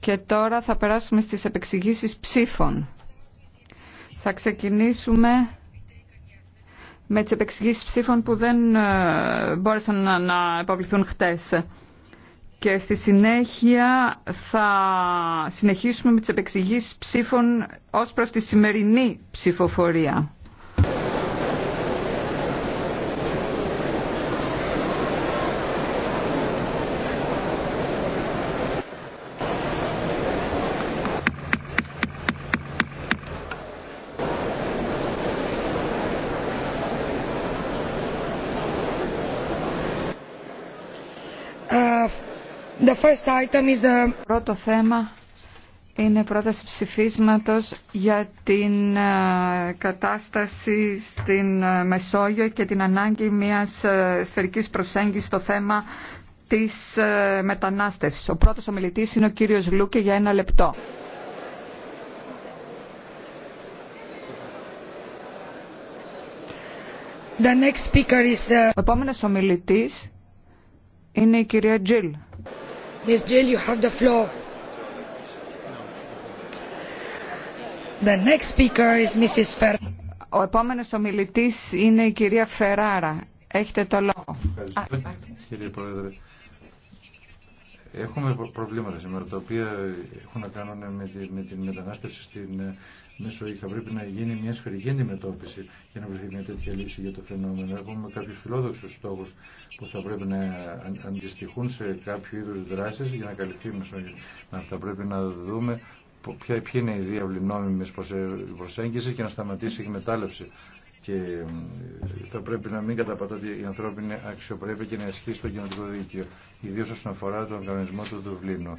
Και τώρα θα περάσουμε στις επεξηγήσεις ψήφων. Θα ξεκινήσουμε με τις επεξηγήσεις ψήφων που δεν ε, μπόρεσαν να, να υποβληθούν χτες. Και στη συνέχεια θα συνεχίσουμε με τις επεξηγήσεις ψήφων ως προς τη σημερινή ψηφοφορία. Το Πρώτο θέμα είναι πρόταση ψηφίσματος για την ε, κατάσταση στην ε, Μεσόγειο και την ανάγκη μιας ε, σφαιρικής προσέγγισης στο θέμα της μετανάστευσης. Ο πρώτος ομιλητής είναι ο κύριος Λούκε για ένα λεπτό. Ο επόμενος ομιλητής είναι η κυρία Τζιλ. Ο επόμενος ομιλητής είναι η κυρία Φεράρα. Έχετε το λόγο. Ευχαριστώ, κύριε Πρόεδρε. Έχουμε προβλήματα σήμερα τα οποία έχουν να κάνουν με την, με την μετανάστευση στην ε, Μεσοή. Θα πρέπει να γίνει μια σφαιρική αντιμετώπιση για να βρεθεί μια τέτοια λύση για το φαινόμενο. Έχουμε κάποιου φιλόδοξου στόχου που θα πρέπει να αντιστοιχούν σε κάποιο είδου δράσει για να καλυφθεί η να Θα πρέπει να δούμε ποια, ποια είναι η νόμιμη προσέγγιση και να σταματήσει η εκμετάλλευση και θα πρέπει να μην ότι η ανθρώπινη αξιοπρέπεια και να ισχύει το κοινωνικό δίκαιο, ιδίω όσον αφορά τον οργανισμό του Δουβλίνου.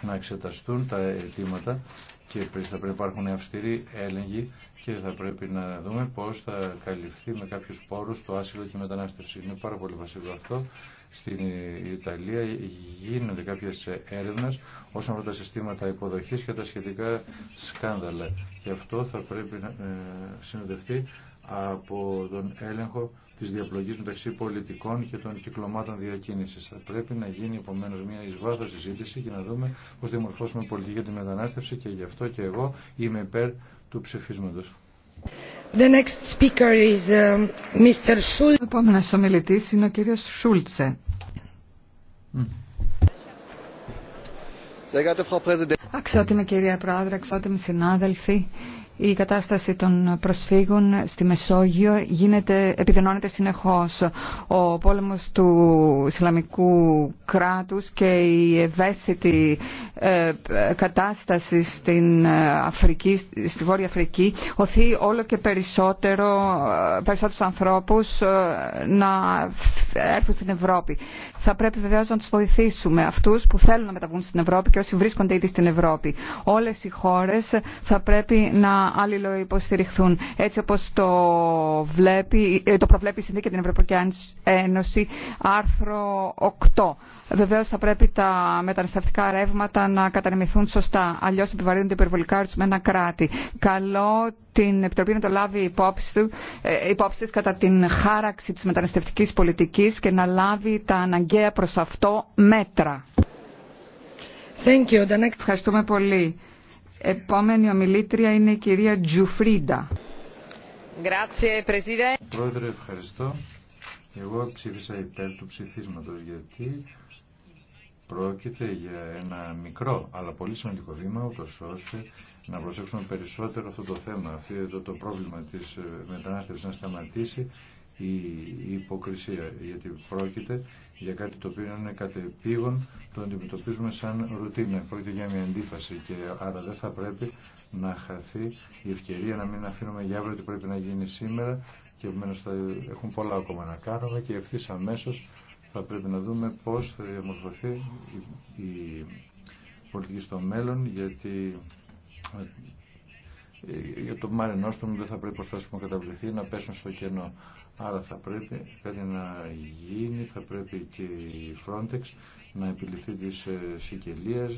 Να εξεταστούν τα αιτήματα και θα πρέπει να υπάρχουν αυστηροί έλεγχοι και θα πρέπει να δούμε πώ θα καλυφθεί με κάποιου πόρου το άσυλο και η μετανάστευση. Είναι πάρα πολύ βασικό αυτό στην Ιταλία γίνονται κάποιες έρευνες όσον αφορά τα συστήματα υποδοχής και τα σχετικά σκάνδαλα. Και αυτό θα πρέπει να ε, συνοδευτεί από τον έλεγχο της διαπλογής μεταξύ πολιτικών και των κυκλωμάτων διακίνησης. Θα πρέπει να γίνει επομένω μια εις συζήτηση και να δούμε πώς διαμορφώσουμε πολιτική για τη μετανάστευση και γι' αυτό και εγώ είμαι υπέρ του ψηφίσματος. Uh, ο επόμενος ομιλητής είναι ο κύριος Σούλτσε. Αξιότιμη κυρία Πρόεδρε, αξιότιμοι συνάδελφοι, η κατάσταση των προσφύγων στη Μεσόγειο γίνεται, επιδενώνεται συνεχώς. Ο πόλεμος του Ισλαμικού κράτους και η ευαίσθητη ε, κατάσταση στην ε, Αφρική, στη Βόρεια Αφρική οθεί όλο και περισσότερο, ε, περισσότερους ανθρώπους να έρθουν στην Ευρώπη. Θα πρέπει βεβαίω να του βοηθήσουμε αυτού που θέλουν να μεταβούν στην Ευρώπη και όσοι βρίσκονται ήδη στην Ευρώπη. Όλε οι χώρε θα πρέπει να αλληλοϊποστηριχθούν. Έτσι όπω το, βλέπει, ε, το προβλέπει η Συνθήκη την Ευρωπαϊκή Ένωση, άρθρο 8. Βεβαίω θα πρέπει τα μεταναστευτικά ρεύματα να κατανεμηθούν σωστά. Αλλιώ επιβαρύνονται υπερβολικά ορισμένα κράτη. Καλό την Επιτροπή να το λάβει υπόψη, ε, κατά την χάραξη της μεταναστευτικής πολιτικής και να λάβει τα αναγκαία προς αυτό μέτρα. Ευχαριστούμε πολύ. Επόμενη ομιλήτρια είναι η κυρία Τζουφρίντα. Πρόεδρε, ευχαριστώ. Εγώ ψήφισα υπέρ του ψηφίσματος γιατί πρόκειται για ένα μικρό αλλά πολύ σημαντικό βήμα ούτως ώστε να προσέξουμε περισσότερο αυτό το θέμα, αυτό το, το πρόβλημα της ε, μετανάστευσης να σταματήσει η, υποκρισία, γιατί πρόκειται για κάτι το οποίο είναι κατεπήγον, το αντιμετωπίζουμε σαν ρουτίνα, πρόκειται για μια αντίφαση και άρα δεν θα πρέπει να χαθεί η ευκαιρία να μην αφήνουμε για αύριο ότι πρέπει να γίνει σήμερα και επομένως θα έχουν πολλά ακόμα να κάνουμε και ευθύ αμέσω θα πρέπει να δούμε πώς θα διαμορφωθεί η, η πολιτική στο μέλλον γιατί για το Μάρι νόστον δεν θα πρέπει θα να καταβληθεί να πέσουν στο κενό. Άρα θα πρέπει κάτι να γίνει, θα πρέπει και η Frontex να επιληθεί της ε, Σικελίας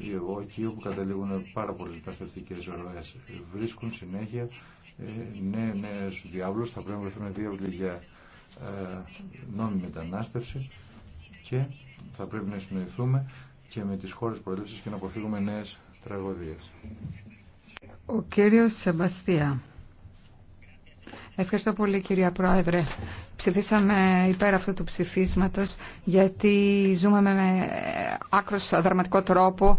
ε, εκεί όπου καταλήγουν πάρα πολλέ μεταστευτικές ροές. Βρίσκουν συνέχεια ε, ναι, ναι, θα πρέπει να βρεθούν διάβλοι για νόμιμη μετανάστευση και θα πρέπει να συνοηθούμε και με τις χώρες προέλευσης και να αποφύγουμε νέες ο κύριος Σεμπαστία. Ευχαριστώ πολύ κυρία Πρόεδρε. Ψηφίσαμε υπέρ αυτού του ψηφίσματος γιατί ζούμε με άκρος δραματικό τρόπο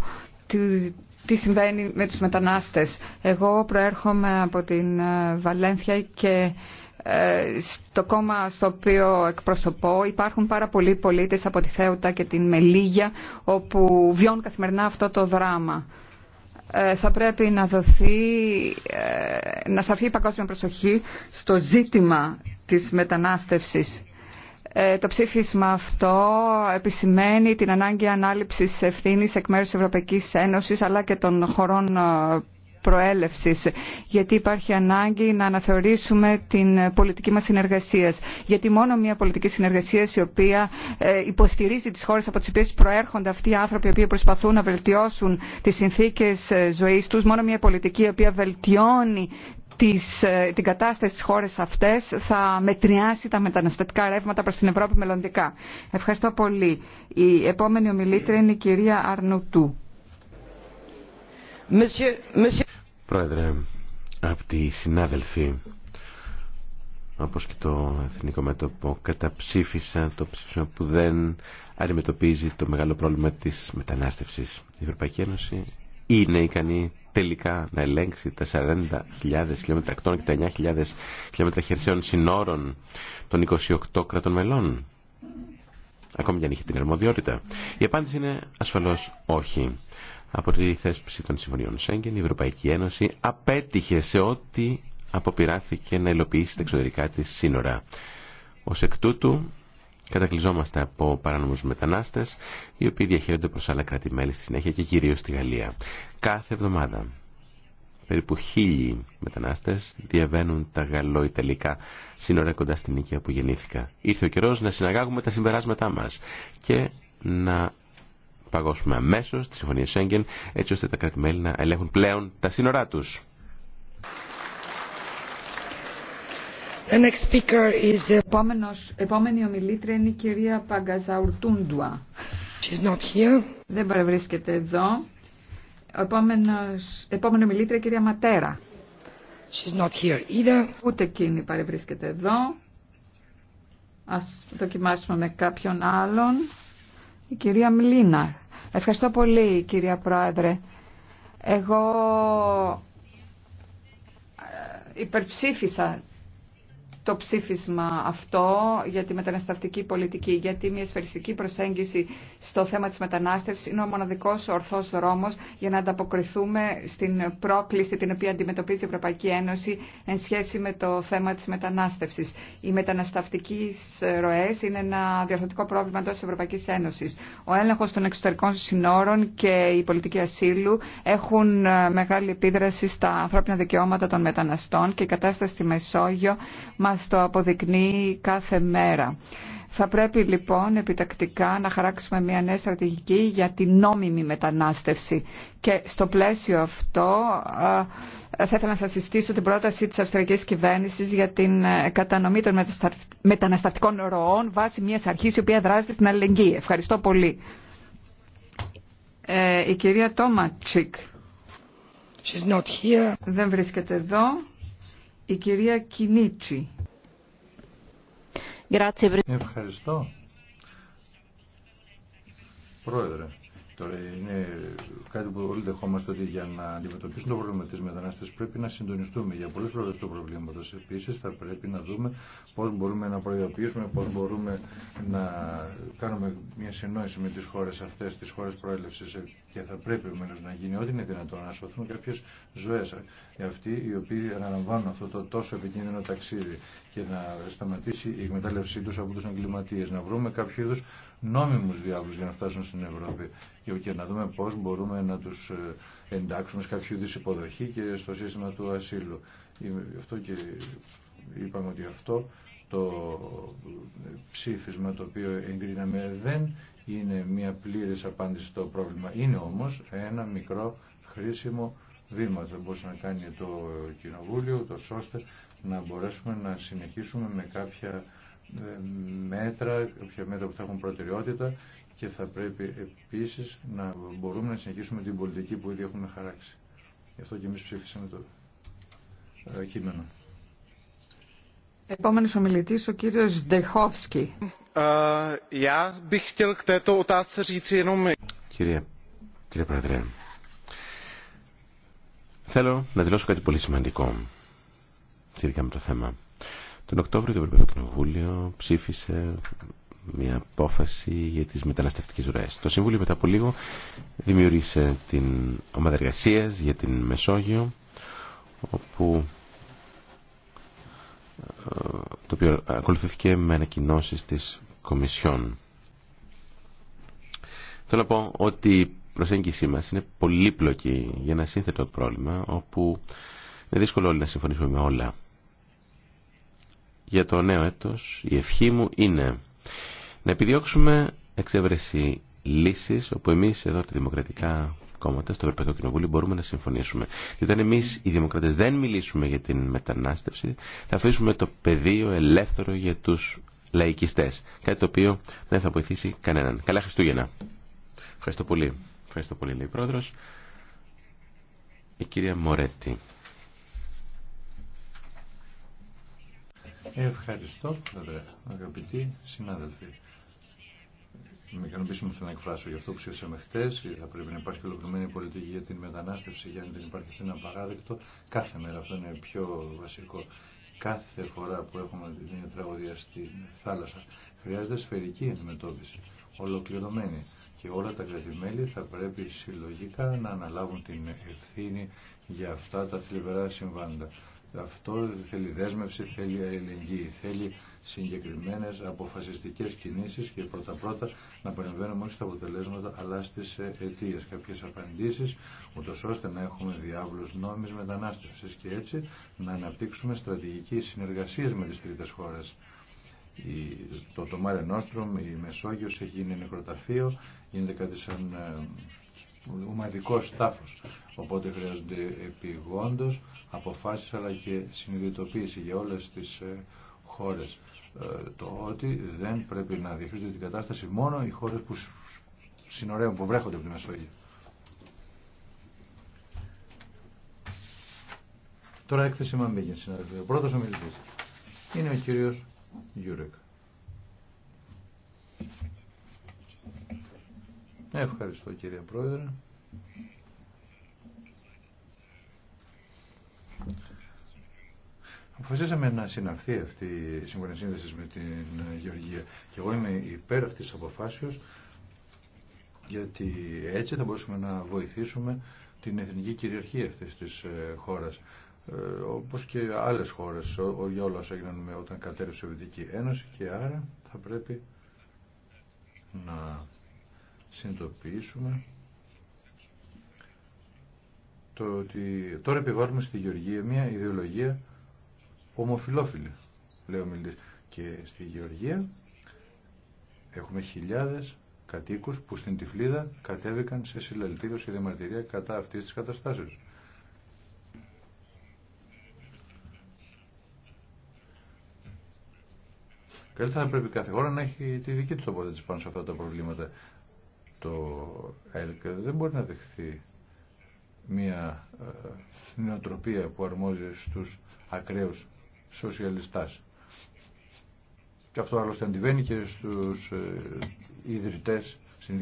τι συμβαίνει με τους μετανάστες. Εγώ προέρχομαι από την ε, Βαλένθια και ε, στο κόμμα στο οποίο εκπροσωπώ υπάρχουν πάρα πολλοί πολίτες από τη Θέουτα και την Μελίγια όπου βιώνουν καθημερινά αυτό το δράμα. Ε, θα πρέπει να δοθεί, ε, να σταθεί η παγκόσμια προσοχή στο ζήτημα της μετανάστευσης. Ε, το ψήφισμα αυτό επισημαίνει την ανάγκη ανάληψης ευθύνης εκ μέρους της Ευρωπαϊκής Ένωσης αλλά και των χωρών προέλευσης, γιατί υπάρχει ανάγκη να αναθεωρήσουμε την πολιτική μας συνεργασία. Γιατί μόνο μια πολιτική συνεργασία η οποία ε, υποστηρίζει τις χώρες από τις οποίες προέρχονται αυτοί οι άνθρωποι οι οποίοι προσπαθούν να βελτιώσουν τις συνθήκες ε, ζωής τους, μόνο μια πολιτική η οποία βελτιώνει ε, την κατάσταση στις χώρες αυτές θα μετριάσει τα μεταναστευτικά ρεύματα προς την Ευρώπη μελλοντικά. Ευχαριστώ πολύ. Η επόμενη ομιλήτρια είναι η κυρία Αρνουτού. Πρόεδρε, τη συνάδελφοι, όπως και το Εθνικό Μέτωπο, καταψήφισα το ψήφισμα που δεν αντιμετωπίζει το μεγάλο πρόβλημα της μετανάστευσης. Η Ευρωπαϊκή Ένωση είναι ικανή τελικά να ελέγξει τα 40.000 χιλιόμετρα ακτών και τα 9.000 χιλιόμετρα χερσαίων συνόρων των 28 κρατών μελών. Ακόμη και αν είχε την αρμοδιότητα. Η απάντηση είναι ασφαλώς όχι. Από τη θέσπιση των συμφωνιών Σέγγεν, η Ευρωπαϊκή Ένωση απέτυχε σε ό,τι αποπειράθηκε να υλοποιήσει τα εξωτερικά τη σύνορα. Ω εκ τούτου, κατακλυζόμαστε από παράνομους μετανάστε, οι οποίοι διαχέονται προ άλλα κράτη-μέλη στη συνέχεια και κυρίω στη Γαλλία. Κάθε εβδομάδα, περίπου χίλιοι μετανάστε διαβαίνουν τα γαλλο-ιταλικά σύνορα κοντά στην οικία που γεννήθηκα. Ήρθε ο καιρό να συναγάγουμε τα συμπεράσματά μα και να παγώσουμε αμέσω τη Συμφωνία Σέγγεν, έτσι ώστε τα κράτη-μέλη να ελέγχουν πλέον τα σύνορά του. Is... Uh, επόμενη ομιλήτρια είναι η κυρία Παγκαζαουρτούντουα. She's Δεν παρευρίσκεται εδώ. επόμενη ομιλήτρια η κυρία Ματέρα. She's not here either. Ούτε εκείνη παρευρίσκεται εδώ. Ας δοκιμάσουμε με κάποιον άλλον. Η κυρία Μλίνα. Ευχαριστώ πολύ κυρία Πρόεδρε. Εγώ ε, υπερψήφισα το ψήφισμα αυτό για τη μεταναστευτική πολιτική, γιατί μια σφαιριστική προσέγγιση στο θέμα της μετανάστευσης είναι ο μοναδικός ορθός δρόμος για να ανταποκριθούμε στην πρόκληση την οποία αντιμετωπίζει η Ευρωπαϊκή Ένωση εν σχέση με το θέμα της μετανάστευσης. Οι μεταναστευτικέ ροές είναι ένα διορθωτικό πρόβλημα εντός της Ευρωπαϊκής Ένωσης. Ο έλεγχος των εξωτερικών συνόρων και η πολιτική ασύλου έχουν ε, μεγάλη επίδραση στα ανθρώπινα δικαιώματα των μεταναστών και η κατάσταση στη Μεσόγειο μας το αποδεικνύει κάθε μέρα. Θα πρέπει λοιπόν επιτακτικά να χαράξουμε μια νέα στρατηγική για την νόμιμη μετανάστευση. Και στο πλαίσιο αυτό θα ήθελα να σας συστήσω την πρόταση της Αυστριακής Κυβέρνησης για την ε, κατανομή των μεταναστευτικών ροών βάσει μιας αρχής η οποία δράζεται στην αλληλεγγύη. Ευχαριστώ πολύ. Ε, η κυρία Τόματσικ. Δεν βρίσκεται εδώ. Η κυρία Κινίτσι. Ευχαριστώ. Πρόεδρε, τώρα είναι κάτι που όλοι δεχόμαστε ότι για να αντιμετωπίσουμε το πρόβλημα τη μετανάστε πρέπει να συντονιστούμε για πολλέ πλευρέ του προβλήματο. Επίση, θα πρέπει να δούμε πώ μπορούμε να προειδοποιήσουμε, πώ μπορούμε να κάνουμε μια συνόηση με τι χώρε αυτέ, τι χώρε προέλευση. Και θα πρέπει επομένω να γίνει ό,τι είναι δυνατόν να σωθούν κάποιε ζωέ. Αυτοί οι οποίοι αναλαμβάνουν αυτό το τόσο επικίνδυνο ταξίδι και να σταματήσει η εκμετάλλευσή τους από τους εγκληματίες. Να βρούμε κάποιο είδους νόμιμους διάβλους για να φτάσουν στην Ευρώπη και να δούμε πώς μπορούμε να τους ε, εντάξουμε σε κάποιο είδους υποδοχή και στο σύστημα του ασύλου. Αυτό και είπαμε ότι αυτό το ε, ψήφισμα το οποίο εγκρίναμε δεν είναι μια πλήρης απάντηση στο πρόβλημα. Είναι όμως ένα μικρό χρήσιμο βήμα. Δεν μπορούσε να κάνει το Κοινοβούλιο, το ώστε να μπορέσουμε να συνεχίσουμε με κάποια ε, μέτρα, κάποια μέτρα που θα έχουν προτεραιότητα και θα πρέπει επίσης να μπορούμε να συνεχίσουμε την πολιτική που ήδη έχουμε χαράξει. Γι' αυτό και εμείς ψήφισαμε το ε, κείμενο. Επόμενος ομιλητής, ο κύριος Ντεχόφσκι. Ε, κύριε, κύριε Πρόεδρε, θέλω να δηλώσω κάτι πολύ σημαντικό σχετικά με το θέμα. Τον Οκτώβριο το Ευρωπαϊκό Κοινοβούλιο ψήφισε μια απόφαση για τις μεταναστευτικές ροές. Το Συμβούλιο μετά από λίγο δημιούργησε την ομάδα εργασία για την Μεσόγειο όπου ε, το οποίο ακολουθήθηκε με ανακοινώσει της Κομισιόν. Θέλω να πω ότι η προσέγγιση μας είναι πολύπλοκη για ένα σύνθετο πρόβλημα όπου είναι δύσκολο όλοι να συμφωνήσουμε με όλα. Για το νέο έτος η ευχή μου είναι να επιδιώξουμε εξέβρεση λύσης όπου εμείς εδώ τα δημοκρατικά κόμματα στο Ευρωπαϊκό Κοινοβούλιο μπορούμε να συμφωνήσουμε. Και όταν εμείς οι δημοκρατές δεν μιλήσουμε για την μετανάστευση θα αφήσουμε το πεδίο ελεύθερο για τους λαϊκιστές. Κάτι το οποίο δεν θα βοηθήσει κανέναν. Καλά Χριστούγεννα. Ευχαριστώ πολύ. Ευχαριστώ πολύ λέει η Πρόεδρος. Η κυρία Μωρέτη. Ευχαριστώ, βέβαια. αγαπητοί συνάδελφοι. Με ικανοποίηση μου να εκφράσω για αυτό που ψήφισαμε χτε. Θα πρέπει να υπάρχει ολοκληρωμένη πολιτική για την μετανάστευση, για να την υπάρχει ένα παράδεκτο. Κάθε μέρα αυτό είναι πιο βασικό. Κάθε φορά που έχουμε την τραγωδία στη θάλασσα χρειάζεται σφαιρική αντιμετώπιση, ολοκληρωμένη. Και όλα τα κρατημέλη θα πρέπει συλλογικά να αναλάβουν την ευθύνη για αυτά τα θλιβερά συμβάντα. Αυτό θέλει δέσμευση, θέλει αλληλεγγύη, θέλει συγκεκριμένες αποφασιστικές κινήσεις και πρώτα πρώτα να παρεμβαίνουμε όχι στα αποτελέσματα αλλά στις ε, αιτίες, κάποιες απαντήσεις ούτω ώστε να έχουμε διάβλους νόμιμης μετανάστευσης και έτσι να αναπτύξουμε στρατηγική συνεργασία με τις τρίτες χώρες. το, το η Μεσόγειος έχει γίνει νεκροταφείο, γίνεται κάτι σαν ε, ομαδικό τάφος. Οπότε χρειάζονται επιγόντω, αποφάσεις αλλά και συνειδητοποίηση για όλες τις ε, χώρες. Ε, το ότι δεν πρέπει να διαχειρίζονται την κατάσταση μόνο οι χώρες που συνορεύουν, που βρέχονται από τη Μεσόγειο. Τώρα έκθεση Μαμπίγεν, Ο πρώτος ομιλητή. είναι ο κύριο Γιούρεκ. Ευχαριστώ κύριε Πρόεδρε. Αποφασίσαμε να συναυθεί αυτή η συμφωνία σύνδεση με την Γεωργία και εγώ είμαι υπέρ αυτή τη αποφάσεω γιατί έτσι θα μπορούσαμε να βοηθήσουμε την εθνική κυριαρχία αυτή τη ε, χώρα ε, όπω και άλλε χώρε για όλα όσα έγιναν όταν κατέρευσε η Σοβιετική Ένωση και άρα θα πρέπει να συνειδητοποιήσουμε το ότι τώρα επιβάλλουμε στη Γεωργία μια ιδεολογία ομοφιλόφιλη, λέω Και στη Γεωργία έχουμε χιλιάδες κατοίκους που στην Τυφλίδα κατέβηκαν σε συλλαλητήριο, σε διαμαρτυρία κατά αυτής της καταστάσεως. Καλύτερα θα πρέπει κάθε χώρα να έχει τη δική του τοποθέτηση πάνω σε αυτά τα προβλήματα το ΕΛΚ δεν μπορεί να δεχθεί μια ε, νοοτροπία που αρμόζει στους ακραίους σοσιαλιστάς. Και αυτό άλλωστε αντιβαίνει και στους ε, ιδρυτές, στην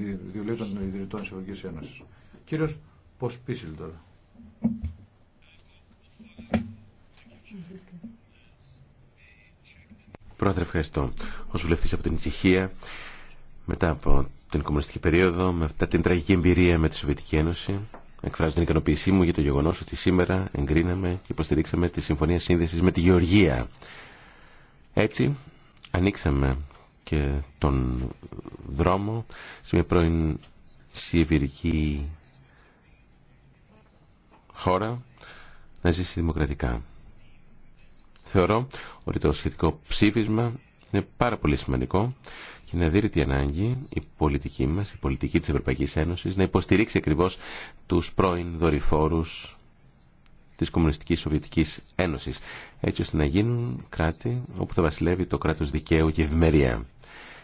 των ιδρυτών της Ευρωπαϊκής Ένωσης. Κύριος Ποσπίσιλ τώρα. Πρόεδρε, ευχαριστώ. Ο βουλευτής από την Τσεχία, μετά από την κομμουνιστική περίοδο, με αυτή την τραγική εμπειρία με τη Σοβιετική Ένωση. Εκφράζω την ικανοποίησή μου για το γεγονό ότι σήμερα εγκρίναμε και υποστηρίξαμε τη Συμφωνία Σύνδεση με τη Γεωργία. Έτσι, ανοίξαμε και τον δρόμο σε μια πρώην σιβηρική χώρα να ζήσει δημοκρατικά. Θεωρώ ότι το σχετικό ψήφισμα είναι πάρα πολύ σημαντικό και είναι αδύρυτη ανάγκη η πολιτική μας, η πολιτική της Ευρωπαϊκής Ένωσης να υποστηρίξει ακριβώς τους πρώην δορυφόρους της Κομμουνιστικής Σοβιετικής Ένωσης έτσι ώστε να γίνουν κράτη όπου θα βασιλεύει το κράτος δικαίου και ευημερία.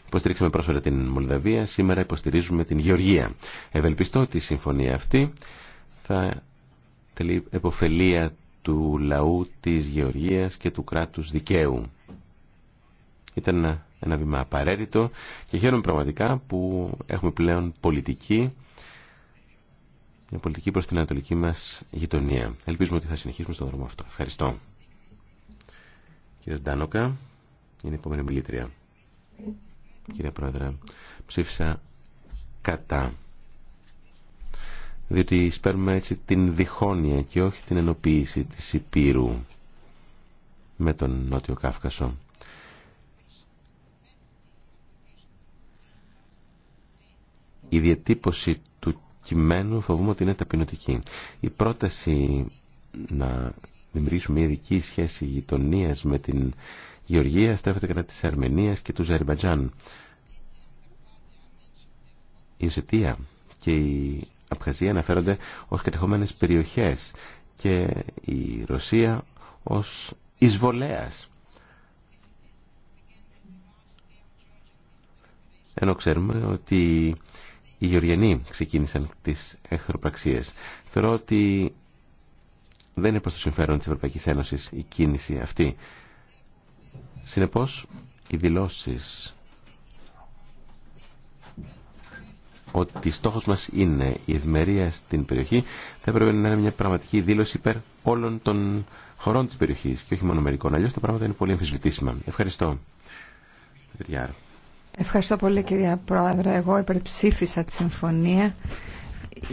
Υποστηρίξαμε πρόσφατα την Μολδαβία, σήμερα υποστηρίζουμε την Γεωργία. Ευελπιστώ ότι η συμφωνία αυτή θα τελεί εποφελία του λαού της Γεωργίας και του κράτους δικαίου. Ήταν ένα βήμα απαραίτητο και χαίρομαι πραγματικά που έχουμε πλέον πολιτική, μια πολιτική προς την ανατολική μας γειτονία. Ελπίζουμε ότι θα συνεχίσουμε στον δρόμο αυτό. Ευχαριστώ. Κύριε Σντάνοκα, είναι η επόμενη μιλήτρια. Κύριε Πρόεδρε, ψήφισα κατά. Διότι σπέρνουμε έτσι την διχόνοια και όχι την ενοποίηση της Υπήρου με τον Νότιο Κάφκασο. η διατύπωση του κειμένου φοβούμαι ότι είναι ταπεινωτική. Η πρόταση να δημιουργήσουμε μια ειδική σχέση γειτονία με την Γεωργία στρέφεται κατά της Αρμενίας και του Ζαριμπατζάν. Η Ουσιατία και η Απχαζία αναφέρονται ως κατεχόμενες περιοχές και η Ρωσία ως εισβολέας. Ενώ ξέρουμε ότι οι Γεωργιανοί ξεκίνησαν τις εχθροπραξίες. Θεωρώ ότι δεν είναι προς το συμφέρον της Ευρωπαϊκής Ένωσης η κίνηση αυτή. Συνεπώς, οι δηλώσεις ότι στόχος μας είναι η ευημερία στην περιοχή θα έπρεπε να είναι μια πραγματική δήλωση υπέρ όλων των χωρών της περιοχής και όχι μόνο μερικών. Αλλιώς τα πράγματα είναι πολύ αμφισβητήσιμα. Ευχαριστώ. Ευχαριστώ πολύ κυρία Πρόεδρε. Εγώ υπερψήφισα τη συμφωνία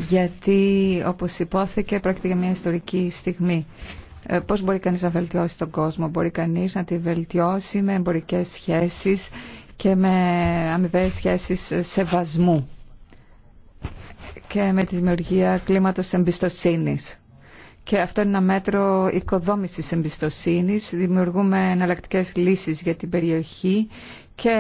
γιατί όπως υπόθηκε πρόκειται για μια ιστορική στιγμή. Ε, πώς μπορεί κανείς να βελτιώσει τον κόσμο. Μπορεί κανείς να τη βελτιώσει με εμπορικές σχέσεις και με αμοιβαίες σχέσεις σεβασμού και με τη δημιουργία κλίματος εμπιστοσύνης. Και αυτό είναι ένα μέτρο οικοδόμησης εμπιστοσύνης. Δημιουργούμε εναλλακτικέ λύσεις για την περιοχή και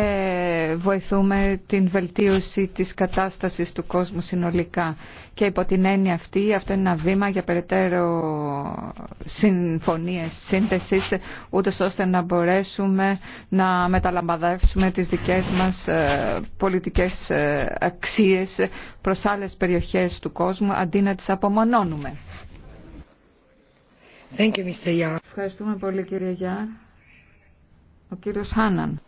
βοηθούμε την βελτίωση της κατάστασης του κόσμου συνολικά. Και υπό την έννοια αυτή, αυτό είναι ένα βήμα για περαιτέρω συμφωνίες, σύνθεσης ούτως ώστε να μπορέσουμε να μεταλαμπαδεύσουμε τις δικές μας ε, πολιτικές ε, αξίες προς άλλες περιοχές του κόσμου, αντί να τις απομονώνουμε. Ευχαριστούμε πολύ κύριε Γιάρ. Ο κύριος Χάναν.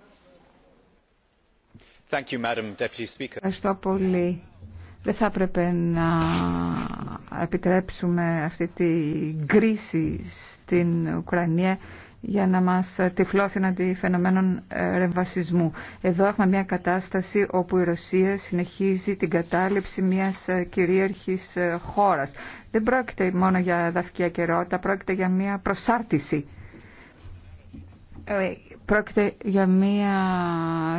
Ευχαριστώ πολύ. Δεν θα έπρεπε να επιτρέψουμε αυτή τη κρίση στην Ουκρανία για να μας τυφλώσει αντί φαινομένων ε, ρεμβασισμού. Εδώ έχουμε μια κατάσταση όπου η Ρωσία συνεχίζει την κατάληψη μιας ε, κυρίαρχης ε, χώρας. Δεν πρόκειται μόνο για δαυκία καιρότητα, πρόκειται για μια προσάρτηση Πρόκειται για μία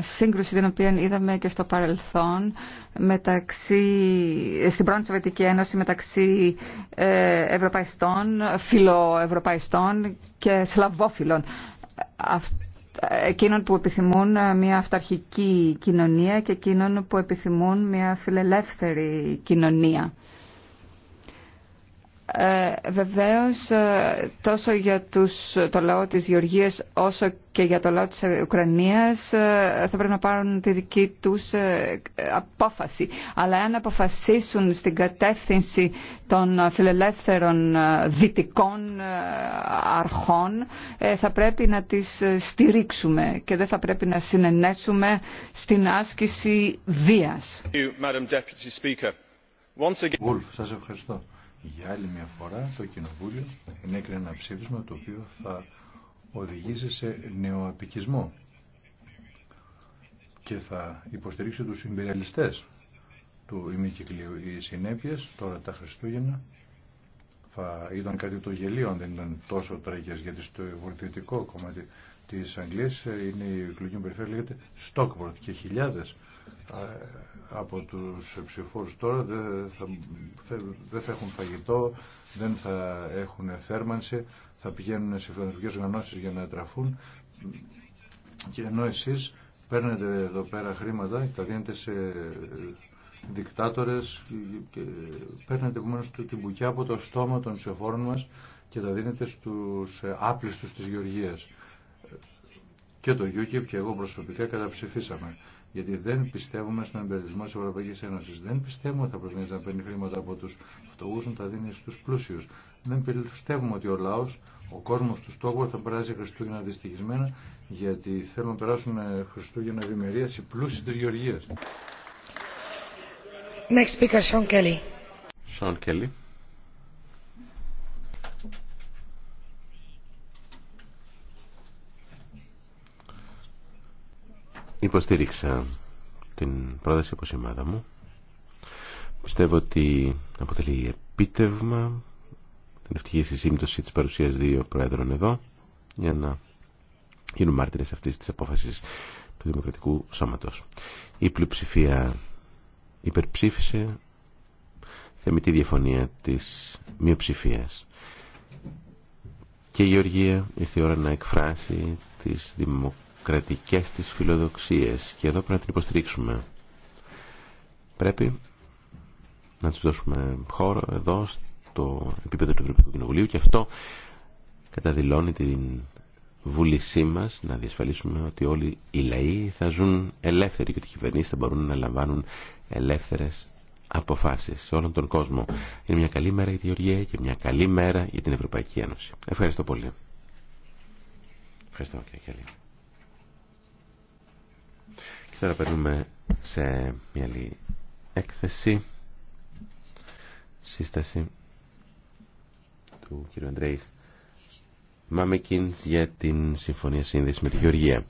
σύγκρουση την οποία είδαμε και στο παρελθόν μεταξύ, στην πρώην Σοβιετική Ένωση μεταξύ ε, ευρωπαϊστών, φιλοευρωπαϊστών και σλαβόφιλων εκείνων που επιθυμούν μια αυταρχική κοινωνία και εκείνων που επιθυμούν μια φιλελεύθερη κοινωνία. Ε, βεβαίως ε, τόσο για τους, το λαό της Γεωργίας όσο και για το λαό της Ουκρανίας ε, θα πρέπει να πάρουν τη δική τους ε, απόφαση. Αλλά αν αποφασίσουν στην κατεύθυνση των φιλελεύθερων δυτικών αρχών θα πρέπει να τις στηρίξουμε και δεν θα πρέπει να συνενέσουμε στην άσκηση βίας. ευχαριστώ. Για άλλη μια φορά το Κοινοβούλιο ενέκρινε ένα ψήφισμα το οποίο θα οδηγήσει σε νεοαπικισμό και θα υποστηρίξει τους συμπεριαλιστές του ημικυκλίου. Οι συνέπειες τώρα τα Χριστούγεννα θα ήταν κάτι το γελίο αν δεν ήταν τόσο τραγικές γιατί στο βορτιωτικό κομμάτι τη Αγγλία ε, είναι η εκλογική περιφέρεια λέγεται Stockport και χιλιάδες ε, από του ψηφόρους τώρα δεν θα, δεν θα έχουν φαγητό, δεν θα έχουν θέρμανση, θα πηγαίνουν σε φιλανθρωπικές οργανώσει για να τραφούν και ενώ εσείς παίρνετε εδώ πέρα χρήματα και τα δίνετε σε δικτάτορες και παίρνετε επομένως την μπουκιά από το στόμα των ψηφόρων μας και τα δίνετε στους ε, άπλιστους της Γεωργίας και το UKIP και εγώ προσωπικά καταψηφίσαμε. Γιατί δεν πιστεύουμε στον εμπερισμό τη Ευρωπαϊκή Ένωση. Δεν πιστεύουμε ότι θα πρέπει να παίρνει χρήματα από του φτωχού να τα δίνει στου πλούσιου. Δεν πιστεύουμε ότι ο λαό, ο κόσμο του στόχου θα περάσει Χριστούγεννα δυστυχισμένα, γιατί θέλουν να περάσουν Χριστούγεννα ευημερία οι πλούσιοι τη Γεωργία. Next speaker, Sean Kelly. Sean Kelly. Υποστήριξα την πρόταση από ομάδα μου. Πιστεύω ότι αποτελεί επίτευγμα την ευτυχή συσύμπτωση της παρουσίας δύο πρόεδρων εδώ για να γίνουν μάρτυρες αυτής της απόφασης του Δημοκρατικού Σώματος. Η πλειοψηφία υπερψήφισε θεμητή διαφωνία της μειοψηφίας. Και η Γεωργία ήρθε η ώρα να εκφράσει τις δημοκρατικές κρατικές της φιλοδοξίες και εδώ πρέπει να την υποστηρίξουμε. Πρέπει να τους δώσουμε χώρο εδώ στο επίπεδο του Ευρωπαϊκού Κοινοβουλίου και αυτό καταδηλώνει την βούλησή μας να διασφαλίσουμε ότι όλοι οι λαοί θα ζουν ελεύθεροι και ότι οι κυβερνήσεις θα μπορούν να λαμβάνουν ελεύθερες αποφάσεις σε όλον τον κόσμο. Είναι μια καλή μέρα για τη Γεωργία και μια καλή μέρα για την Ευρωπαϊκή Ένωση. Ευχαριστώ πολύ. Ευχαριστώ κύριε Κέλλη. Και τώρα περνούμε σε μια άλλη έκθεση, σύσταση του κ. Αντρέη Μάμεκιν για την Συμφωνία Σύνδεση με τη Γεωργία.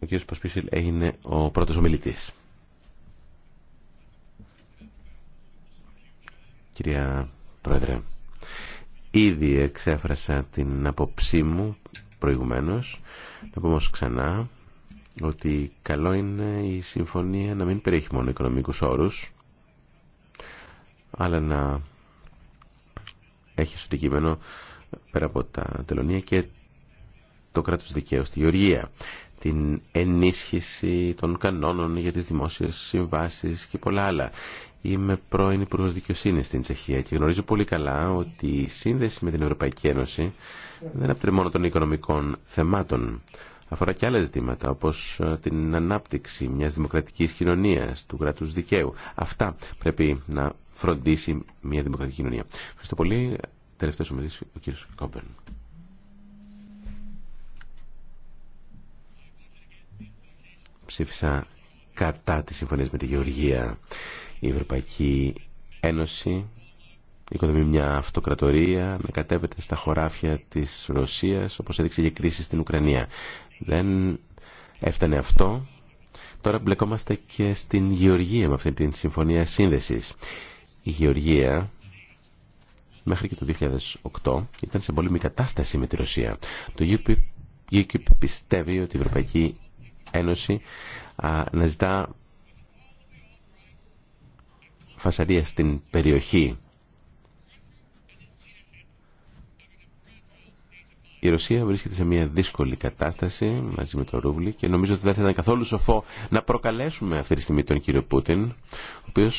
Ο κ. Πασπίσιλ έγινε ο πρώτος ομιλητής. Κυρία Πρόεδρε, ήδη εξέφρασα την απόψή μου προηγουμένως. Να πω όμως ξανά ότι καλό είναι η συμφωνία να μην περιέχει μόνο οικονομικούς όρους αλλά να έχει στο κείμενο πέρα από τα τελωνία και το κράτος δικαίου στη Γεωργία την ενίσχυση των κανόνων για τις δημόσιες συμβάσεις και πολλά άλλα. Είμαι πρώην Υπουργό Δικαιοσύνη στην Τσεχία και γνωρίζω πολύ καλά ότι η σύνδεση με την Ευρωπαϊκή Ένωση δεν μόνο των οικονομικών θεμάτων αφορά και άλλα ζητήματα όπως ε, την ανάπτυξη μιας δημοκρατικής κοινωνίας, του κράτους δικαίου. Αυτά πρέπει να φροντίσει μια δημοκρατική κοινωνία. Ευχαριστώ πολύ. Τελευταίος ο κ. Κόμπερν. Ψήφισα κατά τη συμφωνία με τη Γεωργία. Η Ευρωπαϊκή Ένωση οικοδομεί μια αυτοκρατορία, να κατέβεται στα χωράφια της Ρωσίας, όπως έδειξε η κρίση στην Ουκρανία. Δεν έφτανε αυτό. Τώρα μπλεκόμαστε και στην Γεωργία με αυτή την Συμφωνία Σύνδεσης. Η Γεωργία μέχρι και το 2008 ήταν σε πολύ μη κατάσταση με τη Ρωσία. Το UKIP πιστεύει ότι η Ευρωπαϊκή Ένωση αναζητά φασαρία στην περιοχή Η Ρωσία βρίσκεται σε μια δύσκολη κατάσταση μαζί με το Ρούβλι και νομίζω ότι δεν θα ήταν καθόλου σοφό να προκαλέσουμε αυτή τη στιγμή τον κύριο Πούτιν, ο οποίο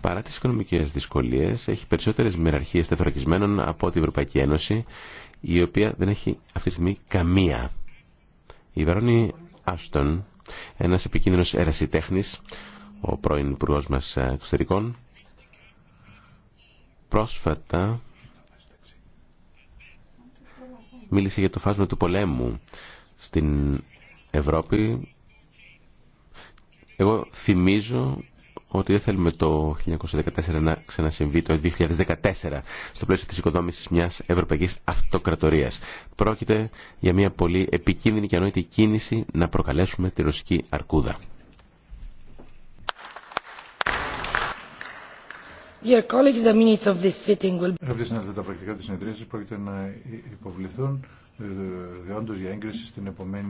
παρά τι οικονομικέ δυσκολίε έχει περισσότερε μοιραρχίε τεθωρακισμένων από την Ευρωπαϊκή Ένωση, η οποία δεν έχει αυτή τη στιγμή καμία. Η Βερόνι Άστον, ένα επικίνδυνο ερασιτέχνη, ο πρώην Υπουργό μα ε, Εξωτερικών, πρόσφατα μίλησε για το φάσμα του πολέμου στην Ευρώπη. Εγώ θυμίζω ότι δεν θέλουμε το 1914 να ξανασυμβεί το 2014 στο πλαίσιο της οικοδόμησης μιας ευρωπαϊκής αυτοκρατορίας. Πρόκειται για μια πολύ επικίνδυνη και ανόητη κίνηση να προκαλέσουμε τη ρωσική αρκούδα. Αγαπητοί τα πρακτικά της συνεδρίασης πρόκειται να υποβληθούν ε, διόντως για έγκριση στην επομένη